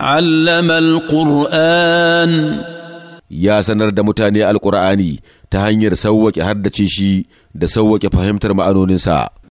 علم القرآن ya sanar da mutane Alƙur'ani ta hanyar sauwaƙe haddace shi da sauwaƙe fahimtar ma'anoninsa